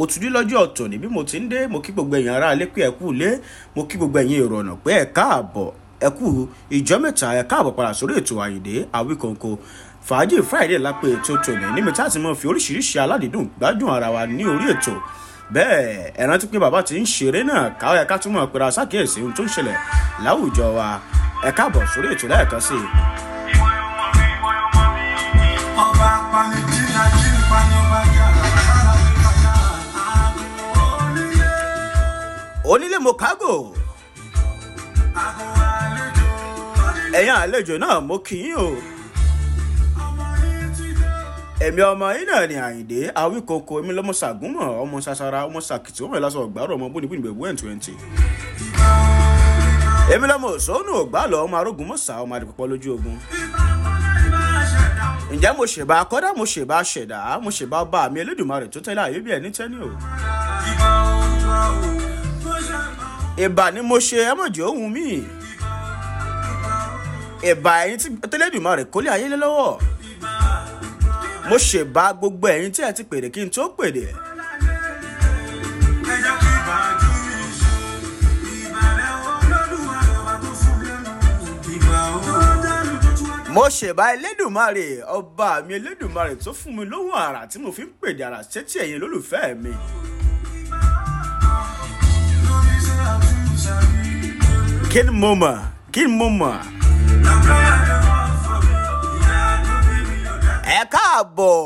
mo ti rí lọ́jọ́ ọ̀tọ̀ níbí mo ti ń dé mo kí gbogbo ẹ̀yin ará ilé pé ẹ kú ilé mo kí gbogbo ẹ̀yin èrò pé ẹ káàbọ̀ ẹ kú ìjọ mẹ́ta ẹ káàbọ̀ padà sórí ètò àyèdè àwíkọ̀ǹkọ̀ fàájì friday lápè ètò tòní níbi tá a ti mọ fi oríṣiríṣi aládìídùn gbádùn ara wa ní orí ètò bẹ́ẹ̀ ẹ rántí pé bàbá ti ń ṣeré náà káwé ká túmọ̀ pera sákèésí ohun tó ń ṣẹlẹ̀ láwùjọ wa ẹ káàbọ̀ sórí ètò lẹ́ẹ̀kan onílé mokago ẹ̀yin àlejò náà mo kì í o èmi ọmọ yín náà ni àyìndé awíkoko èmi lọmọ sàgúnmọ ọmọ sàṣàrà ọmọ sàkìtì ọmọ ìlàsọ ọgbàrọ ọmọ bónibóni bẹbú ẹn twenty èmi lọmọ òṣónù ògbàlọ ọmọ arógun mọsà ọmọ adìpọpọ lójú ogun ǹjẹ́ mo ṣèbá kọ́dá mo ṣèbá ṣẹ̀dá mo ṣèbá bá mi Elédùmarè tó tẹ́lẹ̀ àyè bí ẹni tẹ́ni o ìbà ni mo ṣe ẹ mọ̀jọ́ ohun mi ìbà ẹ̀yin tí Elédùmarè kólé ayé lé lọ́wọ́ mo ṣèbà gbogbo ẹ̀yin tí ẹ ti pèrè kí n tó pèrè. mo ṣèbà Elédùmarè ọba mi Elédùmarè tó fún mi lóhùn àrà tí mo fi ń pèdè àrà sétí ẹ̀yin lólùfẹ́ mi. Kid Moma, Kid Moma. Ẹ káàbọ̀.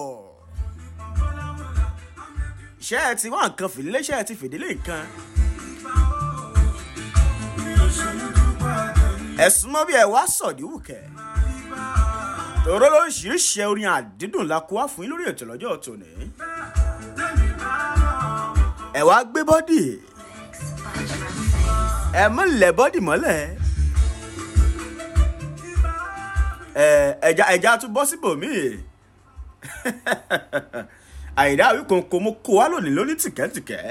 Ṣé ẹ ti wá nǹkan fìdílé? Ṣé ẹ ti fìdílé nǹkan? Ẹ̀sùn mọ́ bí ẹ wá sọ̀díwù kẹ̀. Tòró lóríṣiríṣi orin àdídùn la kó wá fún yín lórí ètò lọ́jọ́ tòní. Ẹ wá gbé bọ́dì ẹ mọ lẹ bọ́dì mọ́lẹ̀ ẹja ẹja tún bọ́ síbòmíì àyídá àwíkò kò mo kó wá lónìí lórí tìkẹ́tìkẹ́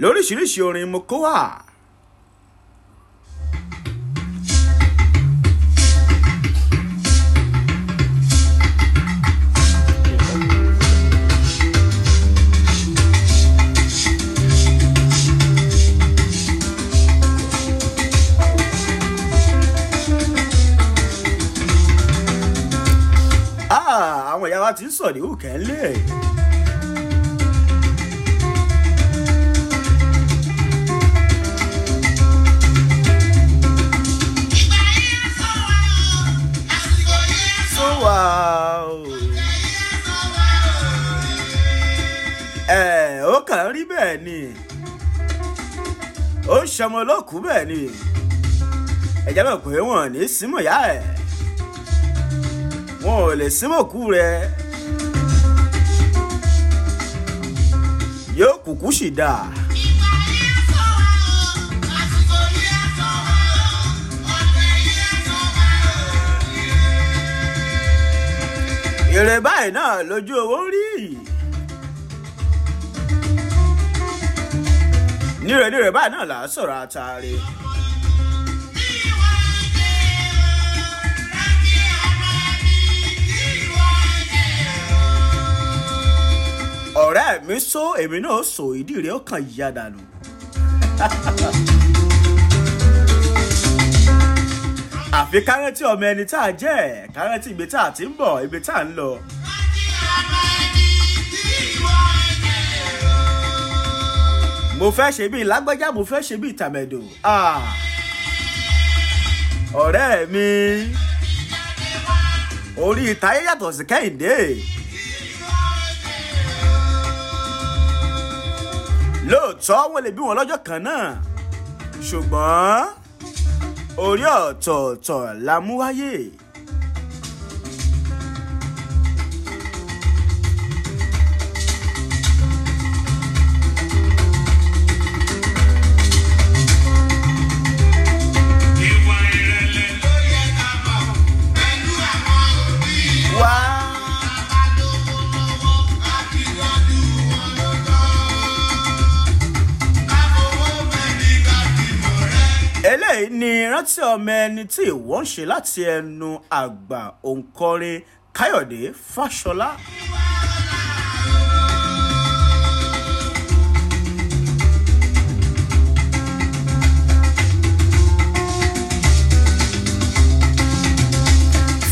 lóríṣiríṣi orin mo kó wá. àwọn ìyá wa ti ń sọ̀rí òkè ńlẹ̀. ẹ ó kàn rí bẹ́ẹ̀ ni ó ń ṣọmọ olókùú bẹ́ẹ̀ ni ẹ̀jẹ̀ bẹ̀ pé wọ́n ní símọ̀ yá ẹ̀ wọn ò lè símòkú rẹ yóò kúkú sì dáa. èrè báyìí náà lójú owó ń rí nírẹ̀nírẹ̀ báyìí náà là á sọ̀rọ̀ àtàrí. mi sọ èmi náà sọ ìdí rẹ̀ ó kàn yíyá dànù. àfi kárẹ́tì ọmọ ẹni tá a jẹ́ kárẹ́tì ibi tá a ti ń bọ̀ ibi tá a ń lọ. mo fẹ́ ṣe bíi lágbájá mo fẹ́ ṣe bíi tàmẹ̀dò ọ̀rẹ́ mi orí ìtayé yàtọ̀ sí kẹ́hìndé. ọ̀tọ̀ wọn lè bí wọn lọ́jọ́ kan náà ṣùgbọ́n orí ọ̀tọ̀ọ̀tọ̀ la mú wáyé. ní rántí ọmọ ẹni tí ìwọ ń ṣe láti ẹnu àgbà òǹkọrin káyọ̀dé fáṣọlá.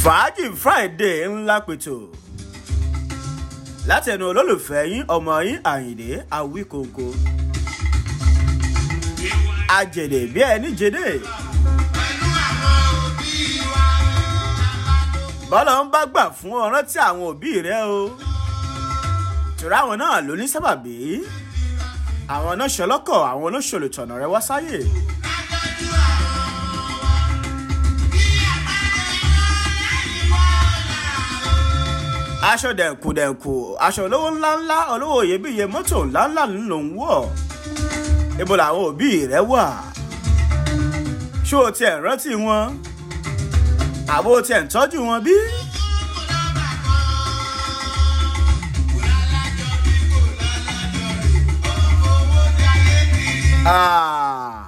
fàájì friday ńlá pètò látẹnu olólùfẹ́ yín ọmọ yín àyìndé àwíkòǹkò àjèlè bí ẹni jèdè. bọ́lá ń bá gbà fún ọ rántí àwọn òbí rẹ o tura àwọn náà ló ní sábàbí àwọn náà ṣọlọ́kọ̀ àwọn olóṣèlú tọ̀nà rẹ wá sáyè. aṣọ dẹ̀kùdẹ̀kù aṣọ olówó ńláńlá olówó iyebíye mọ́tò ńláńlá ló ń wọ̀ ibo làwọn òbí rẹ wà ṣó o tiẹ̀ rántí wọn àbó o tiẹ̀ ń tọ́jú wọn bí. Ah.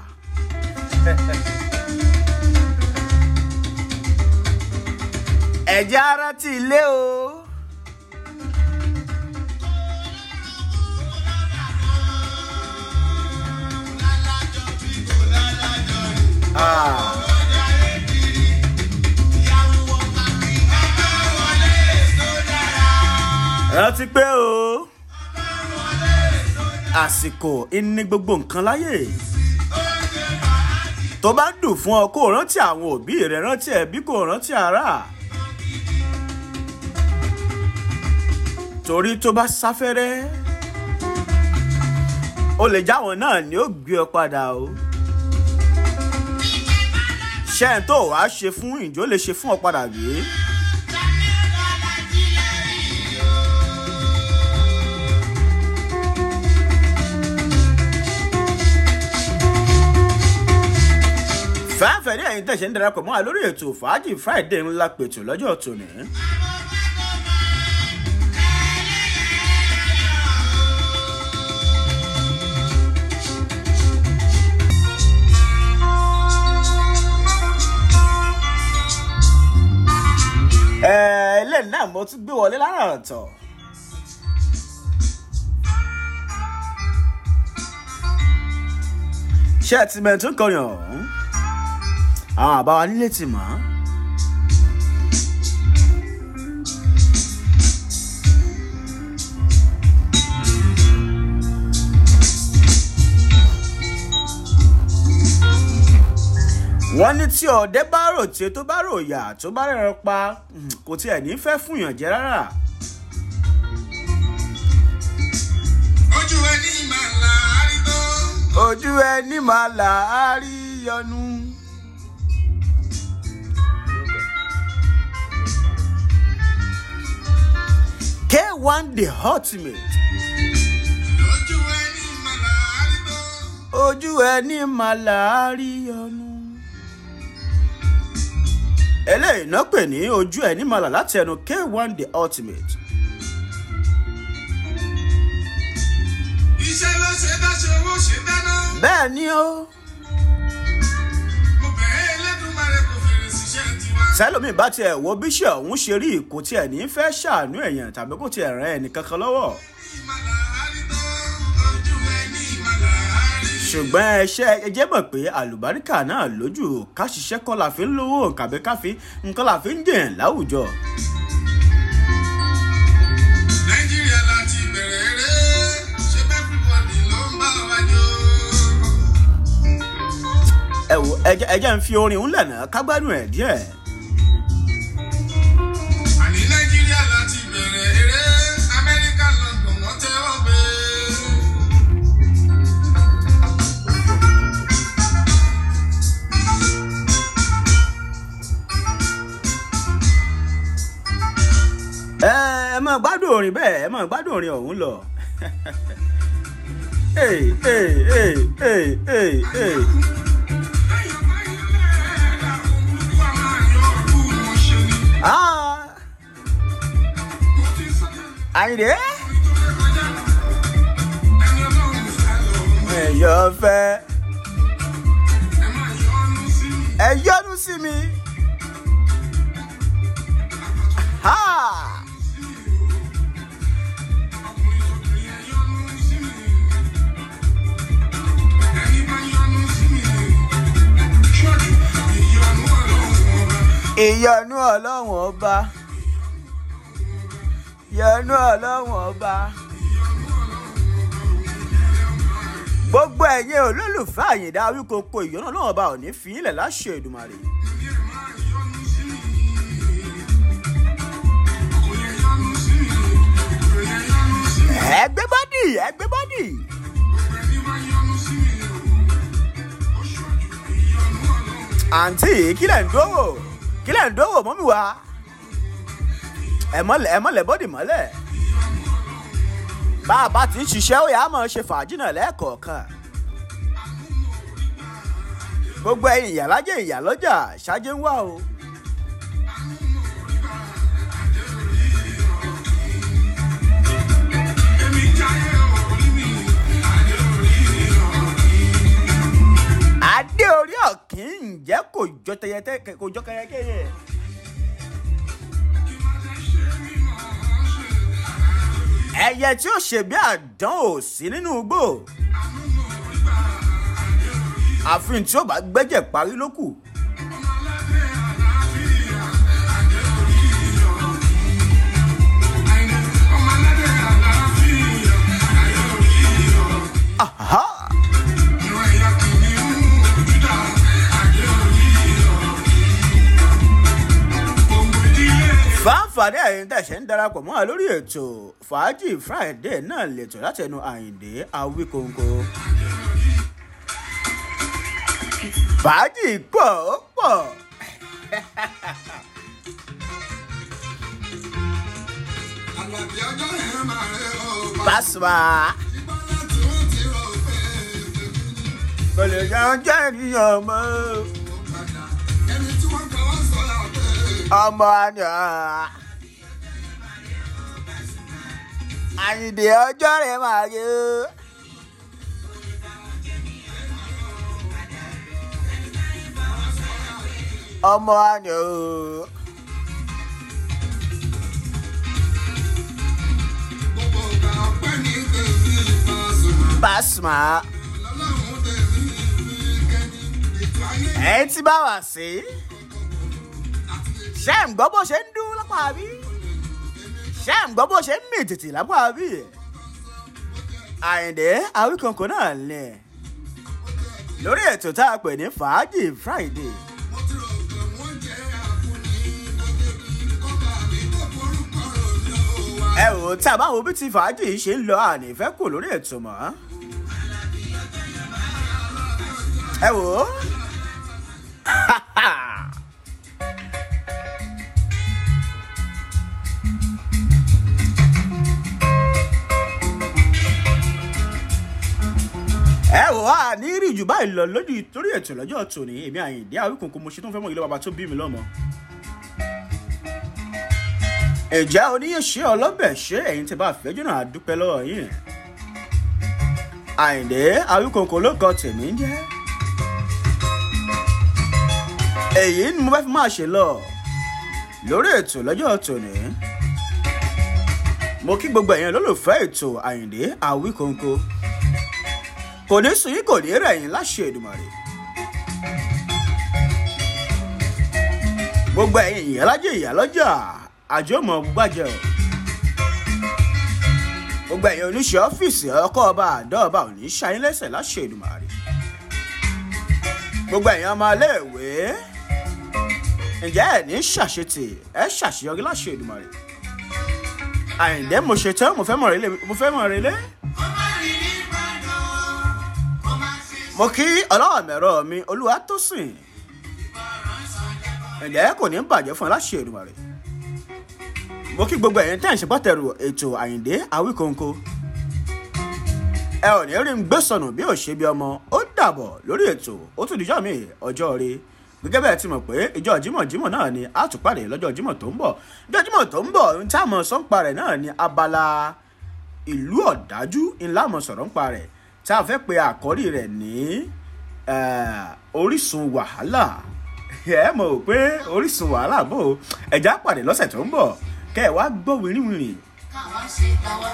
ẹ̀jẹ̀ ara ti lé o. Ah. rántí pé o àsìkò ìní gbogbo nǹkan láyè tó bá dùn fún ọ kó rántí àwọn òbí rẹ rántí ẹbí kó rántí ara torí tó bá sáfẹ́rẹ́ ó lè jáwọn náà ni ó gbé ọ padà o ṣé ẹ̀ tó wàá ṣe fún ìjọ lè ṣe fún ọ padà bí. fẹ́ẹ́fẹ́ ní ẹ̀yin tẹ̀sẹ̀ ń darapọ̀ mọ́ wa ètò fàájì Friday ńlá pẹ̀tù lọ́jọ́ tòní. àbọ̀ tún gbé wọlé lára ọ̀tọ̀. ṣé ẹ ti mẹ́tún kọrin àwọn àbáwá nílé ti mọ̀ ọ́n. wọ́n ní tí ọdẹ bá rò tí tó bá rò yà tó bá rẹ̀rọ pa hmm, kò tiẹ̀ ní fẹ́ fún yàn jẹ rárá. ojú ẹni máa là á rí tó. ojú ẹni máa là á rí yọnu. K1 the ultimate. ojú ẹni máa là á rí yọnu eléyìí náà pè ní ojú ẹ̀ ní màlà láti ẹnu K1 The Ultimate. iṣẹ́ ló ṣe bá ṣe owó ṣe bá náà. bẹ́ẹ̀ ni ó. mo bẹ̀rẹ̀ Elédùmarè kò fèrè síṣẹ́ tiwa. sẹ́lómi bá tiẹ̀ wo bíṣẹ̀ ọ̀hún ṣe rí kò tiẹ̀ ní fẹ́ ṣàánú èèyàn tàbí kò tiẹ̀ ràn ẹnì kankan lọ́wọ́. ìmàlà ṣùgbọ́n ẹṣẹ́ ẹ jẹ́ mọ̀ pé àlùbáríkà náà lójú ká kọ́ la fi ń lówó kàbí ká nǹkan la fi ń jẹ̀yàn láwùjọ. nàìjíríà ń fi orin ń lànà ká ẹ̀ díẹ̀. irú orin bẹ́ẹ̀ ẹ máa gbádùn orin ọ̀hún lọ. Ah! Àyìndé. ẹ̀yọ́ fẹ́. ẹ yọ́nú sí mi. ìyanu ọlọ́run ọba ìyanu ọlọ́run ọba gbogbo ẹ̀yin olólùfẹ́ àyìndá Awikonko ìyanu ọlọ́run ọba ò fi ilẹ̀ láṣẹ Èdùmàrè. ẹgbẹ́ bọ́dì ẹgbẹ́ bọ́dì. àǹtí kílẹ̀ ń dówó kílẹ̀ ń dówó mọ́mí wa ẹ̀mọ́lẹ̀ ẹ̀mọ́lẹ̀ bọ́dì mọ́lẹ̀ bá a bá ti ń ṣiṣẹ́ ó yà á máa ṣe fàájì náà lẹ́ẹ̀kọ̀ọ̀kan gbogbo ẹ̀yin ìyàlájẹ ìyàlọ́jà ṣáájú ń wá o. adé orí ọ̀kan kì í ǹjẹ́ kò jọ tẹyẹtẹ kò jọ kẹyẹkẹyẹ. ẹyẹ tí ó ṣe bí àdán ò sí nínú igbó àfihàn tí ó bá gbẹ́jẹ̀ parí ló kù. láǹfààní ẹ̀yin tẹ̀sẹ̀ ń darapọ̀ mọ́ lórí ètò fàájì friday náà lẹ́tọ̀ látẹnu àyìndé awíkóńkó. fàájì pọ̀ ó pọ̀. Pasuma. Bẹ̀lẹ̀ jẹ́ ọjọ́ ènìyàn mọ́ ọmọ àná. àyìndé ọjọ́ rẹ̀ máa yé. ọmọ àná o. Pasuma. ẹ ti bá wà sí. ṣé ń gbọ́ bó ṣe ń dún lọ́pàá bí? ṣé à ń gbọ́ bó ṣe ń mì tìtì lábọ́ àbí àyìndé àwíkànkò náà lẹ̀ lórí ètò tá a pè ní fàájì friday. ẹ ò tá a bá wo bí ti fàájì ṣe ń lọ ànífẹ́ kù lórí ètò mọ́. ẹ wò ó. a ní rí jù báyìí lọ lódì torí ètò lọ́jọ́ tòní èmi Àyìndé Àwíkòǹkò mo ṣe tó ń fẹ́ mọ ilé bàbá tó bí mi lọ́mọ. ẹ̀já oníyè ṣe ọlọ́bẹ̀ ṣe ẹ̀yin tẹ́ bá fẹ́ jọ́nà àdúpẹ́ lọ́wọ́ yín. Àyìndé Àwíkòǹkò ló kọ tèmi ń jẹ́. èyí ni mo bá fi máa ṣe lọ lórí ètò lọ́jọ́ tòní mo kí gbogbo ẹ̀yin lólùfẹ́ ètò Àyìndé Àwíkòǹkò kò ní sùn yín kò ní rẹ̀ yín láṣẹ Èdùmàrè. gbogbo ẹ̀yin ìyálàjẹ ìyálọ́jà àjọmọ̀ gbàjẹ́ o gbogbo ẹ̀yin oníṣẹ́ ọ́fíìsì ọkọ̀ ọba àdọ́ọba ò ní ṣayín lẹ́sẹ̀ láṣẹ Èdùmàrè gbogbo ẹ̀yin ọmọ aléèwé ǹjẹ́ ẹ̀ ní ṣàṣetì ẹ̀ ṣàṣeyọrí láṣẹ Èdùmàrè Àyìndé mo ṣetán mo fẹ́ mo fẹ́ mọ̀ mo kí ọlọ́ọ̀mẹ̀rọ mi Olúwatósìn ẹ̀jẹ̀ kò ní bàjẹ́ fún aláṣẹ Èdùmàrè mo kí gbogbo ẹ̀yin tẹ́ ń ṣègbọ́tẹ̀rù ètò Àyìndé Àwíkọ́nkọ́ ẹ ò ní rí n gbé sọnù bí ò ṣe bí ọmọ ó dàbọ̀ lórí ètò ó tún dijọ́ mi ọjọ́ rèé gẹ́gẹ́ bẹ́ẹ̀ ti mọ̀ pé ìjọ Jímọ̀ Jímọ̀ náà ni a tún pàdé lọ́jọ́ Jímọ̀ tó ń bọ̀ ìjọ Jímọ̀ tó ń bọ̀ ohun tí rẹ̀ náà ni abala ìlú ọ̀dájú ńlá mọ̀ sọ̀rọ̀ ńpa rẹ̀ tá a fẹ́ pe àkọ́rí rẹ̀ ní eh, orísun wàhálà ẹ mọ̀ pé orísun wàhálà bò ẹ̀já pàdé lọ́sẹ̀ tó ń bọ̀ kẹ́ ẹ wá gbọ́ wìrìwìrì. káwa ṣe káwa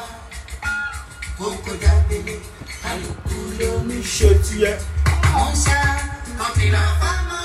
kókó dábìlì kálukú ló ṣe tiẹ̀. wọ́n ṣá fámọ́.